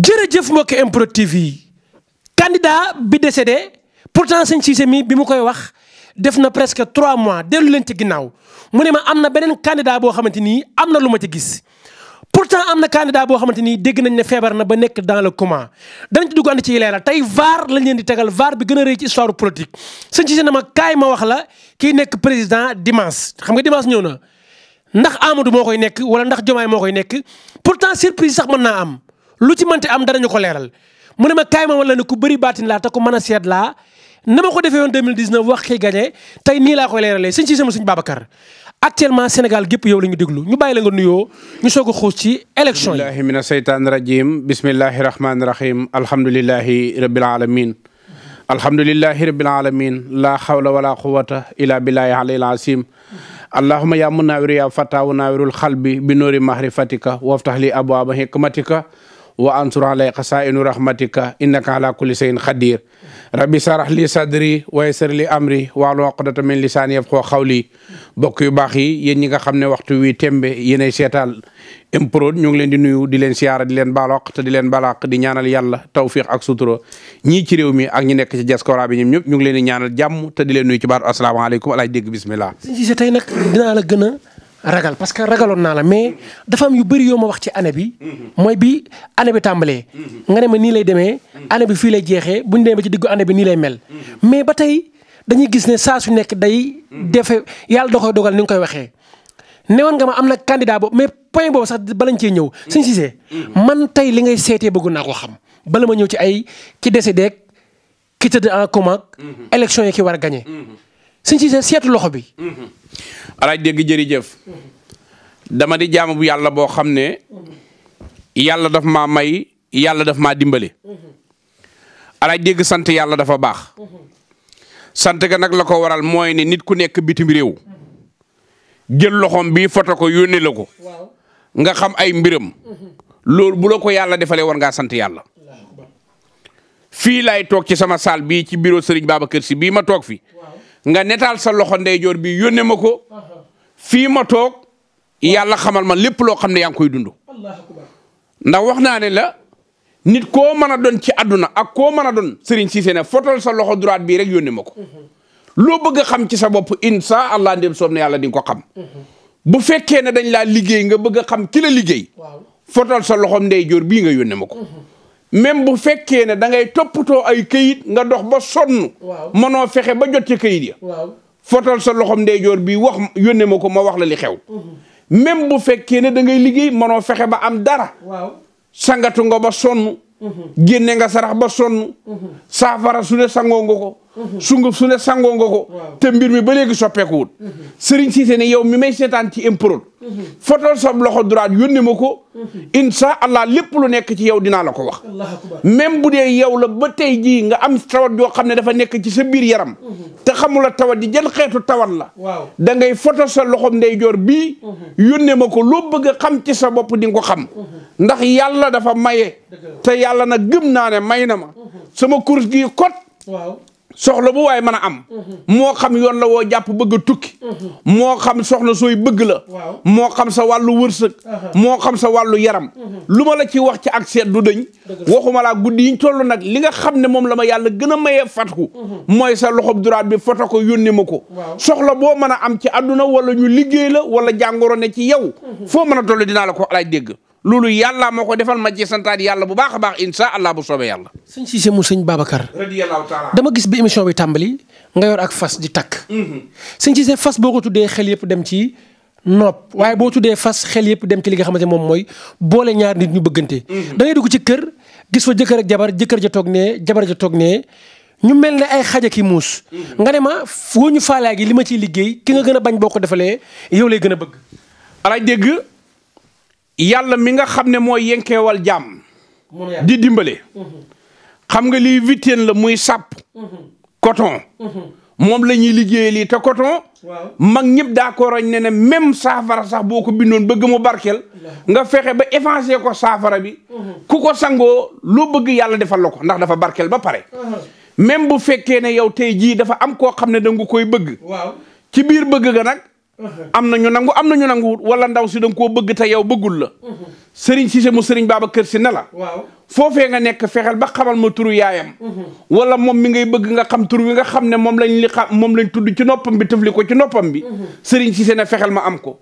jërëjëf mbokki MPROD TV yi candidat bi décédé pourtant sëñ Cissé mi bi mu koy wax def na presque trois mois dellu leen ci ginnaaw mu ne ma am na beneen candidat boo xamante nii am na lu ma ci gis pourtant am na candidat boo xamante nii dégg nañ ne feebar na ba nekk dans le coma danañ ci dugg ànd ci leeral tey VAR lañ leen di tegal VAR bi gën a rëy ci histoire politique sëñ Cissé na ma kaay ma wax la kii nekk président dimanche xam nga dimanche ñëw na ndax Amadou moo koy nekk wala ndax Diomaye moo koy nekk pourtant surprise sax mën naa am lu ci mënti am danañu ko leeral mu ne ma kaay ma wala ne ku bëri baatin laa te ku mën a seet na ma ko defee woon 2019 wax ki gagné tey nii laa koy leeralee sëñ si sama sëñ Babacar actuellement Sénégal gépp yow la ñu déglu ñu bàyyi la nga nuyoo ñu soog a xuus ci élection yi billahi mina seytaan rajim bismillahi rahmaani rahim a rabbil alamin alhamdulilahi rabbil alamin la hawla wa quwata ila billahi alil asim allahuma ya munawir ya fatawu nawirul xalbi bi noori mahrifatika waftah li abwaaba hikmatika wa ansur alay xasaa'inu rahmatika innaka ala kulli shay'in qadir rabbi sarax li sadri wa yassir li amri wahlul uqdata min lisaani yafqahu qawli bokk yu baax yi yéen ñi nga xam ne waxtu wi tembe yéenay seetaal improd ñu ngi leen di nuyu di leen siyaara di leen balaq te di leen balaq di ñaanal yàlla tawfiq ak sutura ñii ci réew mi ak ñi nekk ci diaspora bi ñoom ñëpp ñu ngi leen di ñaanal jàmm te di leen nuyu ci baatu asalaamaaleykum alaaj dégg bismillah si tey ragal parce que ragaloon naa la mais dafa am yu bëri yoo ma wax ci année bi mooy bi année bi tàmbalee nga ne ma nii lay demee année bi fii lay jeexee bu ñu demee ba ci diggu année bi nii lay mel mais ba tey dañuy gis ne saa su nekk day defe yàlla da koy dogal ni nga koy waxee newoon nga ma am na candidat boobu mais point boobu sax balañ cee ñëw suñ sisee man tey li ngay seetee bëggu naa ko xam bala ma ñëw ci ay ci décédé ki tëdd en comment mm-hmm. élection yi ki war a gagné mm-hmm. sëñ sa seetu loxo bi. alaaj dégg jërëjëf. dama di jaama bu yàlla boo xam ne. yàlla daf ma may yàlla daf maa dimbale. alaaj dégg sant yàlla dafa baax. sant ga nag la ko waral mooy ne nit ku nekk bitim réew. jël loxoom bii foto ko yónnee la ko. nga xam ay mbiram. loolu bu la ko yàlla defalee war ngaa sant yàlla. fii laay toog ci sama saal bii ci bureau Serigne Babacar Sy bii ma toog fi. nga netaal sa loxo ndeyjoor bi yónnee ma ko fii ma toog yàlla xamal ma lépp loo xam ne yaa ngi koy dund. ndax wax naa ne la nit koo mën a doon ci àdduna ak koo mën a doon Serigne Cissé ne fotal sa loxo droite bi rek yónnee ma ko. loo bëgg xam ci sa bopp incha allah ndem soob na yàlla di ko xam. bu fekkee ne dañ laa liggéey nga bëgg a xam kila la liggéey. fotal sa loxo ndeyjoor bii nga yónnee ma ko. même bu fekkee ne da ngay toppatoo ay kayit nga dox ba sonn. waaw mënoo fexe ba jot ci kayit ya. waaw fotal sa loxom ndeyjoor bi wax yónnee ma ko ma wax la li xew. Mhm. même bu fekkee ne da ngay liggéey manoo fexe ba am dara. sangatu nga ba sonn. Mhm. génne nga sarax ba sonn. Mhm. saafara su ne sangoo nga ko. sunguf su ne sangoo nga ko te mbir mi ba léegi soppeekuwul Serigne Cissé ne yow mi may seetaan ci improd fotol sa loxo droit yónni ma ko incha allah lépp lu nekk ci yow dinaa la ko wax même bu dee yow la ba tey jii nga am tawat yoo xam ne dafa nekk ci sa biir yaram te xamula tawat di jël xeetu tawat la da ngay fotol sa loxo ndeyjoor bii mhm. yónne ma ko loo bëgg a xam ci sa bopp di nga ko xam mhm. ndax yàlla dafa maye te yàlla na gëm naa ne may na ma mhm. sama course gii kot soxla bu waaye mën a am moo xam yoon la woo jàpp bëgg tukki moo xam soxla sooy bëgg la moo xam sa wàllu wërsëg moo xam sa wàllu yaram mhm. lu ma la ci wax ci ak seet du dëñ waxuma laa guddi yiñ toll nag li nga xam ne moom la ma yàlla gën a mayee fatku mhm. mooy sa loxob droite bi foto ko yónni ma ko soxla boo mën a am ci àdduna wala ñu liggéey la wala jàngoro ne ci yow mhm. foo mën a toll dinaa la ko alaaj dégg loolu yàlla moo ko defal ma ci santaat yàlla bu baax a baax insha allah bu soobee yàlla. sëñ Cissé mu sëñ Babacar. radiyallahu taala dama gis ba émission bi tàmbali nga yor ak fas di takk. Mhm. sëñ Cissé fas boo ko tuddee xel yëpp dem ci nopp waaye boo tuddee fas xel yëpp dem ci li nga xamante moom mooy boole ñaar nit ñu bëggante. Mhm. da ngay dugg ci kër gis fa jëkkër ak jabar jëkkër ja toog ne jabar ja toog ne ñu mel ne ay xaja ki muus. Mhm. nga ne ma woo ñu faalaay gi li ma ciy liggéey ki nga gën a bañ boo ko defalee yow lay gën a bëgg. yàlla mi nga xam ne mooy yenkeewal jàmm di dimbale mm-hmm. xam nga lii huitaine la muy sàpp mm-hmm. coton mm-hmm. moom la ñuy liggéeyee lii te coton mag ñëpp d'accord añ ne na même saafara sax boo ko bindoon bëgg mu barkeel nga fexe ba évancé ko saafara bi ku ko sangoo loo bëgg yàlla defal la ko ndax dafa barkeel ba pare même bu fekkee ne yow tey jii dafa am koo xam ne danga koy bëgg waaw bëgg ga nag am na ñu nangu am na ñu nanguwut wala ndaw si da nga koo bëgg te yow bëggul la. sëriñ Cissé mu sëriñ kër si ne la. waaw foofee nga nekk fexeel ba xamal ma turu yaayam. Mhm. wala moom mi ngay bëgg nga xam tur wi nga xam ne moom lañ li xam moom lañ tudd ci noppam bi tëfli ko ci noppam bi. Mhm. sëriñ Cissé ne fexeel ma am ko.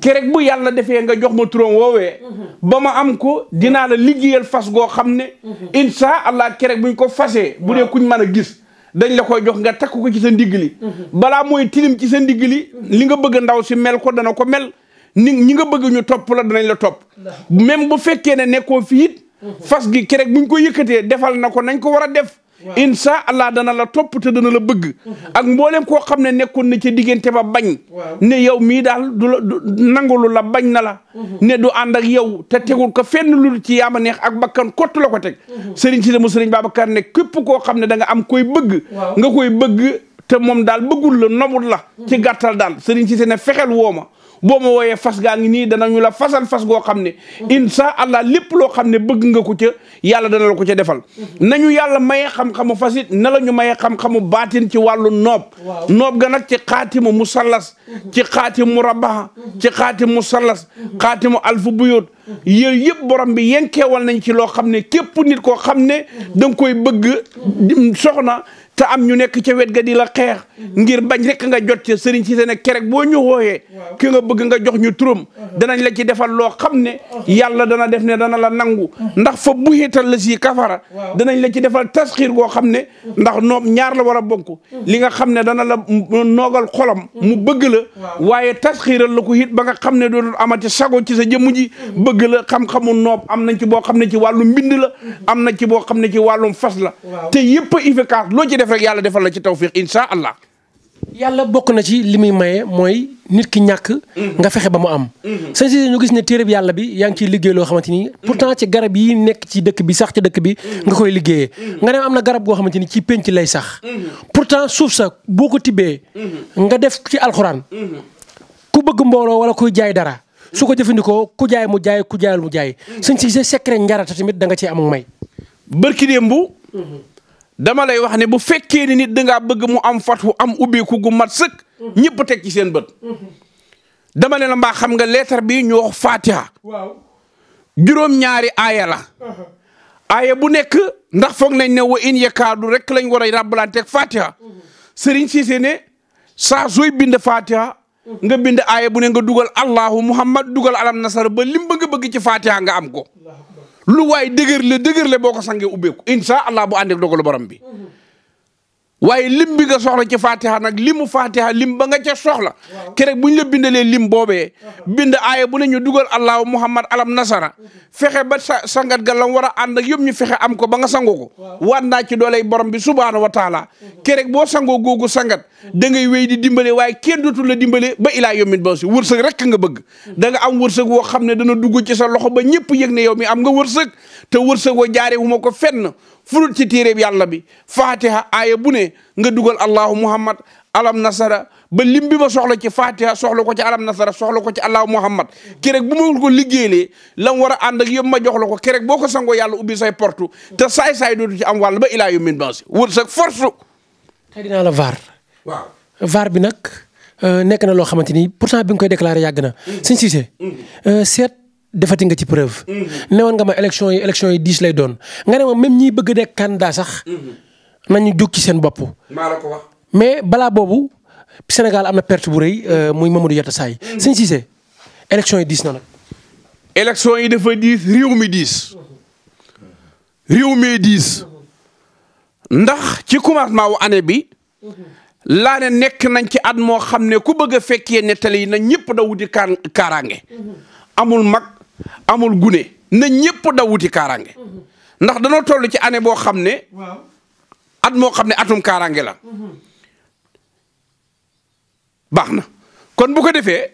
kerek bu yàlla defee nga jox ma turam woowee. Mhm. ba ma am ko dinaa la liggéeyal fas goo xam ne. incha allah kerek buñ ko fasee. bu dee kuñ mën a gis. dañ la koy jox nga takk ko ci sa ndigg li mhm. balaa mooy tilim ci sa ndigg li li nga bëgg ndaw si mel ko dana ko mel ni ñi nga bëgg ñu topp la danañ la topp même bu fekkee ne nekkoo fi it mhm. fas gi kerek ñu ko yëkkatee defal na ko nañ ko war a def incha allah dana la topp te dana la bëgg. Mhm. ak mboolem koo xam ne nekkoon na ca diggante ba bañ. ne yow mii daal du la nangulu la bañ na la. Mhm. ne du ànd ak yow te tegul ko fenn lu ci yaama neex ak bakkan kottu la ko teg. sëriñ si dama sëriñ Babacar ne képp koo xam ne da nga am koy bëgg. nga koy bëgg te moom daal bëggul la nobul la. Mhm. ci gàttal daal sëriñ si ne fexeel woo ma. boo ma wooyee fas gaa ngi nii danañu la fasal fas goo xam ne insha allah lépp loo xam ne bëgg nga ko ca yàlla dana la ko ca defal nañu yàlla mayee xam-xamu fasit na la ñu mayee xam-xamu baatin ci wàllu noob noob ga nag ci xaatimu musallas ci xaatimu mu rabaha ci xaati musallas xaatimu alfu buyóot yooyu yëpp borom bi wal nañ ci loo xam ne képp nit koo xam ne da koy bëgg soxna te am ñu nekk ca wet ga di la xeex mhm. ngir bañ rek nga jot ca sëriñ si ne kerek boo ñu wooyee ki nga bëgg nga jox ñu turam mhm. danañ la ci defal loo xam ne mhm. yàlla dana def ne dana la nangu ndax fa bu xiital la si kafara danañ la ci defal tasxiir goo xam ne ndax ñaar la war a bokk li nga xam ne dana la noogal xolom mu bëgg la waaye tasxiiral la ko hit ba nga xam ne dootul amati sago ci sa jëmu ji bëgg la xam-xamu noob am nañ ci boo xam ne ci wàllum mbind la am na ci boo xam ne ci wàllum fas la def rek yàlla defal la ci tawfiq insha allah. yàlla bokk na ci li muy maye mooy nit ki ñàkk. Mm-hmm. nga fexe ba mu am. Mm-hmm. sëñ si ñu gis ne téereb yàlla bi yaa ngi ciy liggéey loo xamante ni. Mm-hmm. pourtant ci garab yi nekk ci dëkk bi sax ci dëkk bi. nga koy liggéeyee. nga dem am na garab goo xamante ni ci penc lay sax. pour pourtant suuf sa boo ko tibbee. nga def ci alxuraan. ku bëgg mbooloo wala kuy jaay dara. su ko jëfandikoo ku jaay mu jaay ku jaayal mu jaay. sëñ si sa secret njarata tamit da nga cee am may. barki démb. dama lay wax ne bu fekkee ni nit dangaa bëgg mu am fatwu am ubbeeku gu mat sëkk ñëpp teg ci seen bët dama ne la mbaa xam nga leetar bi ñu wax fatiha waaw juróom-ñaari aaya la uh-huh. bu nekk ndax foog nañ ne wa in yakaadu rek lañ war a ràbbalanteeg fatiha uh-huh. sëriñ Cissé ne saa sooy bind fatiha uh-huh. nga bind aaya bu ne nga dugal allahu muhammad dugal alam nasara ba lim bëgg-bëgg ci fatiha nga am ko lu waay dëgër le dëgër le boo ko sangee ubbeeku incha allah bu àndeek dogalu borom bi waaye lim bi nga soxla ci fatiha nag limu fatiha lim ba nga ca soxla kerek bu ñu la bindalee lim boobee bind aaya bu ne ñu dugal allahu muhammad alam nasara fexe ba sa sangat ga lam war a ànd ak yëpp ñu fexe am ko ba nga sangoo ko waat naa ci dooley borom bi subhaanahu wa taala kerek boo sangoo googu sangat da ngay wéy di dimbale waaye kenn dootul la dimbale ba ilaa yomin ba si wërsëg rek nga bëgg da am am wërsëg woo xam ne dana dugg ci sa loxo ba ñëpp yëg ne yow mi am nga wërsëg te wërsëg woo jaare wu ma ko furut ci téeréb yàlla bi fatiha aaya bu ne nga dugal allahu muhammad alam nasara ba lim bi ma soxla ci fatiha soxla ko ci alam nasara soxla ko ci allahu muhammad kerek bu ma ko liggéeyee lam war a ànd ak yëpp ma jox la ko kerek boo ko sangoo yàlla ubbi say portu te saay-saay dootu ci am wàll ba ilaa yu min bansi wër sa force xëy dinaa la vaar waaw vaar bi nag euh, nekk na loo xamante ni pourtant bi nga koy déclaré yàgg na mm. sëñ Cissé mm. euh, seet defati nga ci preuve. Mhm. newoon nga ma élection yi élection yi dix lay doon nga ne ma même ñiy bëgg a nekk candidat sax. Mhm. nañu jóg ci seen bopp. maa la mais balaa boobu Sénégal am na perte bu rëy euh, muy Mamadou Yatta Saay. Mhm. sëñ Cissé élection yi diis na nag. élection yi dafa diis réew mi diis. réew mi diis. ndax ci commencement wu année bi. laa ne nekk nañ ci at moo xam ne ku bëgg a fekkee nettali yi nañ ñëpp da wuti kaaraange. amul mag amul gune na ñëpp daw wuti kaaraange mhm. ndax danoo toll ci année boo xam ne. at moo xam ne atum kaaraange la. Mhm. baax na kon bu ko defee.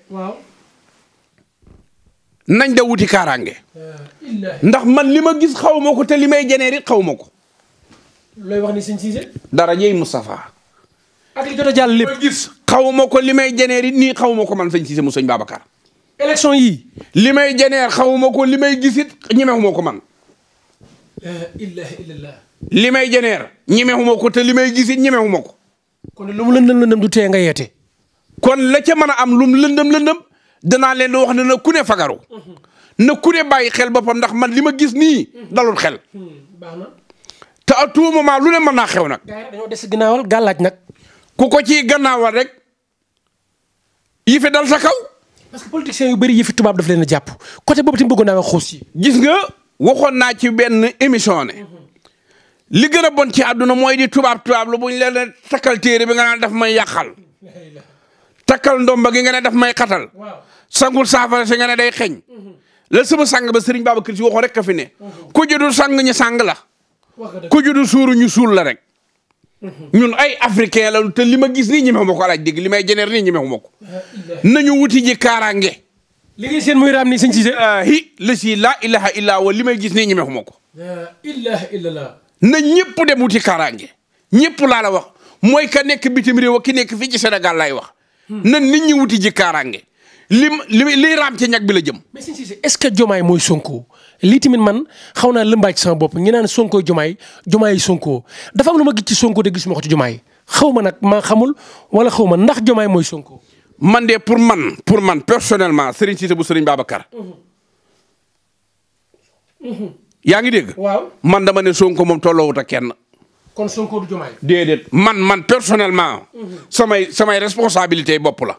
nañ da wuti kaaraange. Eh, ndax man li ma gis xawuma ko te li may jeneeri xaw ma ko. looy wax ni sëñ Cissé. dara jëy Moustapha. ak li a jàll lépp gis xaw ma ko li may jeneeri nii xaw ma ko man sëñ Cissé mu sëñ Babacar. élection yii li may jeneer xamuma ko li may gisit ñemewuma ko man la ilaha illallah li may jeneer ñemewuma ko te li may gisit ñemewuma ko kon lu mu lëndëm lëndëm du tee nga yeete kon la ca mën a am lu lëndëm lëndëm danaa leen di wax ne na ku ne fagaru mhm. na ku ne bàyyi xel boppam ndax man li ma gis nii mhm. dalul xel hmm, baax na te à tout lu ne mën naa xew nag dañoo des gannaawal gàllaaj nag ku ko ci gannaawal rek yi dal sa kaw parce que politiciens yu bëri yëfi tubaab daf leen a jàpp côté boobu tamit bëggoon naa wax xuus yi. gis nga waxoon naa ci benn émission ne. li bon ci àdduna mooy di tubaab tubaab lu ñu leen takkal téere bi nga naan daf may yàqal. takkal ndomba gi nga a daf may xatal. sangul saafara si nga ne day xeeñ. la sama sang ba Serigne Babacar Si waxoon rek ka fi ne. ku judul sang ñu sang la. ku judul suuru ñu suul la rek. ñun ay africain la te li ma gis nii ñemewu ma ko alaaj dégg li may jeneer nii ñemewu ma ko wuti ji kaaraange li ngay seen muy raam ni sëñ Cissé hi la si laa wa li may gis nii ñemewu ma ko ilaha na ñëpp dem wuti kaaraange ñëpp laa la wax mooy ka nekk bitim réew ki nekk fii ci Sénégal lay wax hmm. na nit ñi wuti ji kaaraange lim li liy raam ci ñag bi la jëm. mais est-ce que Jomaay mooy Sonko lii tamit man xaw naa lëmbaaj sama bopp ñu naan Sonko Jomaay Jomaay Sonko dafa am lu ma gis ci Sonko de gisuma ko ci Jomaay xaw ma nag ma xamul wala xaw ma ndax Jomaay mooy Sonko. man de pour man pour man personnellement Serigne Cissé bu Serigne Babacar. Mhm. yaa ngi dégg. waaw man dama ne Sonko moom tolloowut ak kenn. kon Sonko du man man personnellement. samay samay responsabilité bopp la.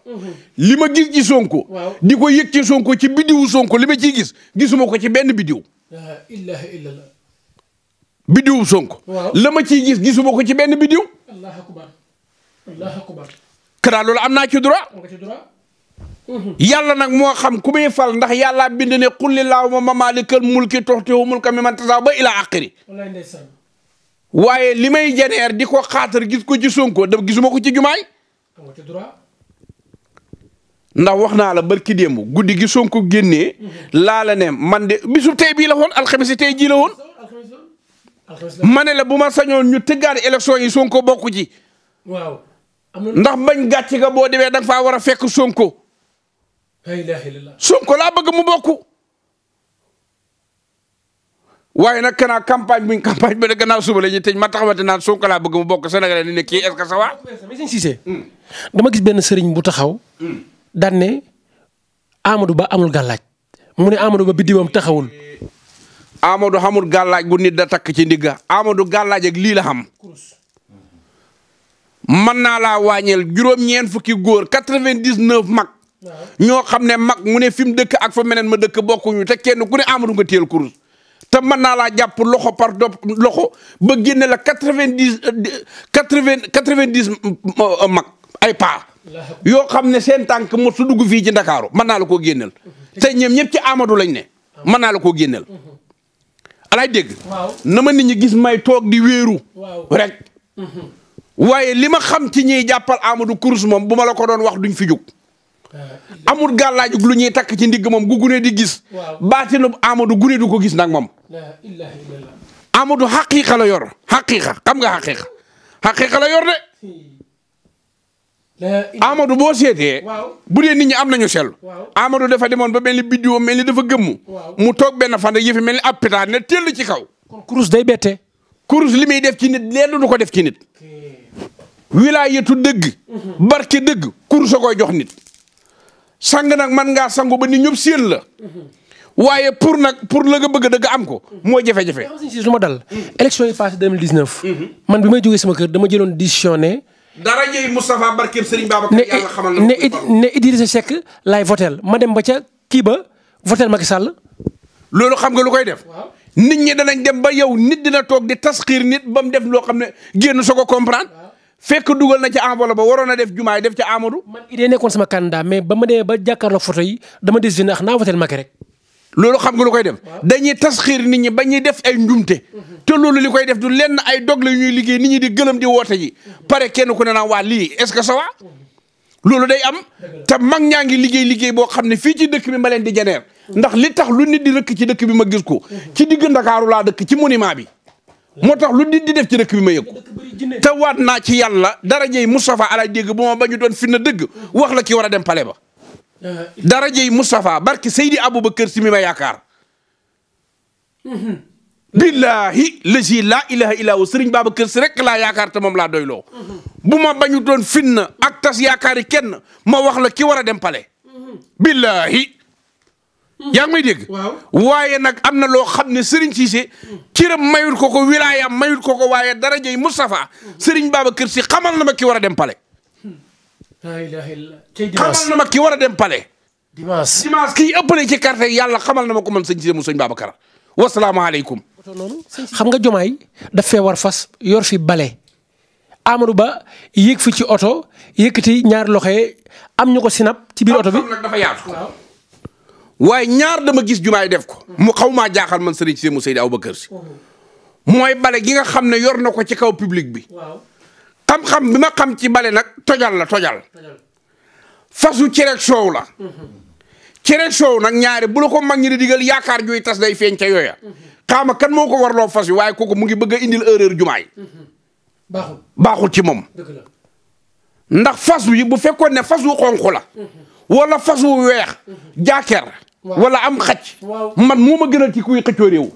li ma gis ci Sonko. di ko yëg ci Sonko ci biddiwu Sonko li ma ciy gis gisuma ko ci benn biddiw. ilaha illallah. biddiwu Sonko. la ma ciy gis gisuma ko ci benn biddiw. allahu loolu am naa ci droit. am nag moo xam ku muy fal ndax yàllaa bind ne qul lillaahumma maalikal mulki tu'til mulka mimman tashaa'u ba ilaa aaxiri. wallaay ndeysaan. waaye li may jeneer di ko xaatar gis ko ci Sonko da gisuma ko ji jumaay ndax wax naa la barki démb guddi gi Sonko génnee laa la man de bisu tey bii la woon alxames tey jii la woon ne la bu ma sañoon ñu tëggaat élection yi Sonko bokk ci waaw ndax bañ gàcc ga boo demee da fa faa war a fekk Sonko. la ilaha Sonko laa bëgg mu bokk waaye nag kanaa campagne buñ campagne ba ne gannaaw suba la ñuy tëj ma taxawante naan Sonko laa bëgg mu bokk Sénégalais ni ne kii est-ce hmm. dama gis benn sëriñ bu taxaw. Hmm. daan ne Ba amul gàllaaj mu ne Amadou Ba biddiwam taxawul. Amadou xamul gàllaaj gu nit da takk ci ndigga Amadou gàllaaj lii la xam. mën naa laa wàññeel juróom-ñeent fukki góor quatre mag. ñoo xam ne mag mu ne fi mu dëkk ak fa meneen ma dëkk bokkuñu te kenn ku ne Amadou nga téel kurus. te mën naa laa jàpp loxo par do loxo ba génne la quatre vingt dix quatre vingt quatre dix mag ay paa. yoo xam ne seen tànk mo su dugg fii ci ndakaaru mën naa la koo génneel. te ñoom ñëpp ci Amadou lañ ne. mën naa la koo génneel. alaay dégg. na ma nit ñi gis may toog di wéeru. rek. Mhm. waaye li ma xam ci ñiy jàppal Amadou kurus moom bu ma la ko doon wax duñ fi jóg. amul gàllaaju lu ñuy takk ci ndigg moom gu gune di gis. baatinu Amadou gune du ko gis nag moom. Amadou xaqiiqa la yor xaqiiqa xam nga xaqiiqa xaqiiqa la yor de. Amadou boo seetee. bu dee nit ñi am nañu sell. Amadou defa demoon ba mel ni biddiw mel ni dafa gëmmu. mu toog benn fan yëfi mel ni ab pitaar ne teel ci kaw. kon kurus day bette. kurus li muy def ci nit lenn du ko def ci nit. wilaayatu dëgg. Mhm. barke dëgg kurus a jox nit. sang nag man ngaa sangu ba nit ñëpp séen la waaye pour nag pour la nga bëgg dëgg am ko moo jafe-jafe. su ma dal élection yi passé 2019. man bi may jógee sama kër dama jëloon décision ne. dara jëy Moustapha Barkeem Serigne Babacar yàlla xamal na ne ne Idrissa Seck laay votel ma dem ba ca kii ba votel Macky Sall. loolu xam nga lu koy def. nit ñi danañ dem ba yow nit dina toog di tasxiir nit ba mu def loo xam ne génn soo ko comprendre. fekk dugal na ca enveloppe ba waroon a def jumaay def ca Amadou. man idée nekkoon sama candidat mais ba ma dee ba jàkkaarloo photo yi dama décider ndax naa woteel Macky rek. loolu xam nga lu koy def dañuy tasxiir nit ñi ba ñuy def ay njumte mhm. te loolu li koy def du lenn ay dog la ñuy liggéey nit ñi di gëlëm di woote ji mhm. pare kenn ku ne naa waa lii est-ce que ça mhm. loolu day am ta mag ñaa ngi liggéey liggéey boo xam ne fii ci dëkk bi ma leen di janeer ndax li tax lu nit di rëkk ci dëkk bi ma gis ko ci digg Ndakaaru laa dëkk ci monument bi moo tax lu nit di def ci dëkk bi ma yëg ko waat naa ci yàlla darajey Moustapha alaaj dégg bu ma bañu doon fitna dëgg wax la ki war a dem pale ba euh, darajey Moustapha barki Seydi Aboubacar si mi ma yaakaar mhm. billahi lasi laa ilaha illa hu sëriñ Babacar si rek laa yaakaar te moom laa doyloo mhm. bu ma bañu doon fitna ak tas yaakaari kenn ma wax la ki war a dem pale mhm. billahi yaa ngi may dégg. waaye nag am na loo xam ne Serigne Cissé. mayul ko ko wilaayam mayul ko ko waaye daraja yi Moustapha. Serigne Babacar Sy xamal na ma ki war a dem Palais. xamal na ki war a dem Palais. dimanche dimanche kii ëppale ci carte yàlla xamal na ma ko man sëñ Cissé mu sëñ Babacar wasalaamaaleykum. xam nga jomaay daf fee war fas yor fi bale. Amadou Ba yéeg fi ci oto yëkkati ñaari loxo am ñu ko sinap ci biir oto bi waaye ñaar dama gis jumaay def ko mu xaw maa jaaxal man sëriñ si mu Seydi Aboubacar si mooy bale gi nga xam ne yor na ko ci kaw public bi xam-xam bi ma xam ci bale nag tojal la tojal wu cereeg soow la mhm. cereeg soow nag ñaari bu la ko mag ñi di digal yaakaar juy tas day feeñ ca yooya mhm. xaama kan moo ko warloo fas wi waaye kooku mu ngi bëgg a indil erreur jumaay mhm. baaxul ci moom ndax fas wi bu fekkoon ne fas wu xonq la walla fas wu weex jaakeer wala am xac man moo ma gënal ci kuy xëccoo réew.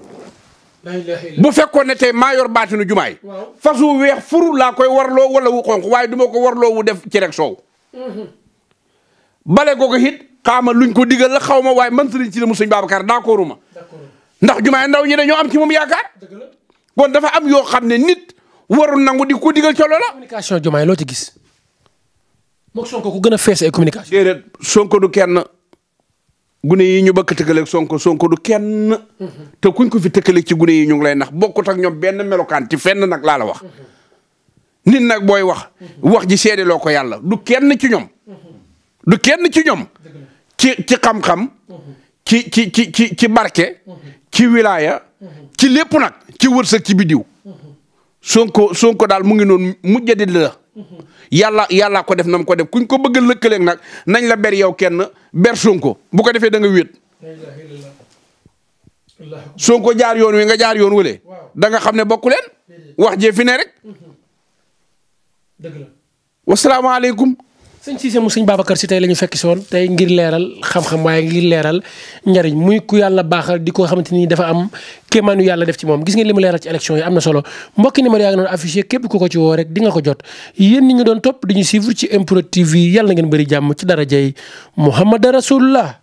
bu fekkoon ne tey maa yor baatinu jumaay. fas wu weex furu laa koy warloo wala wu xonq waaye du ma ko warloo wu def ci rek soow. Mhm. bale googu it xaama luñ ko digal la xaw ma waaye man sëriñ si ne mu sëñ Babacar d'accordu ma. ndax jumaay ndaw ñi dañoo am ci moom yaakaar. kon dafa am yoo xam ne nit warul nangu di ko digal ca loola. communication jumaay loo ci gis. moog Sonko ku gën a fees ay communication. du kenn. gune yi ñu bëgg tëkkaleeg Sonko Sonko du kenn. Mm-hmm. te kuñ ko fi tëkkaleeg ci gune yi ñu ngi lay nax bokkut ak ñoom benn melokaan ci fenn nag laa la wax. Mm-hmm. nit nag booy wax. Mm-hmm. wax ji seede loo ko yàlla du kenn ci ñoom. du kenn ci ñoom. ci ci xam-xam. ci ci ci ci ci barke. ci wilaya. ci lépp nag ci wërsëg ci bidiw. Sonko Sonko daal mu ngi noonu mujjadi la. yàlla yàllaa ko def nam ko def kuñ ko bëgg a lëkkaleeg nag nañ la ber yow kenn ber Sonko bu ko defee da nga wéet. Sonko jaar yoon wi nga jaar yoon wële. da nga xam ne bokku leen. wax jee fi ne rek. Mhm. dëgg la. sëñ Cissé mu sëñ Babacar si tey la ñu fekk si tey ngir leeral xam-xam waaye ngir leeral njariñ muy ku yàlla baaxal di ko xamante ni dafa am kéemaanu yàlla def ci moom gis ngeen li mu leeral ci élection yi am na solo mbokki numéro yaa ngi doon affiché képp ku ko ci woo rek di nga ko jot yéen ñi ñu doon topp di ñu suivre ci MPROD TV yàlla na ngeen bëri jàmm ci darajay Muhammad Rasulullah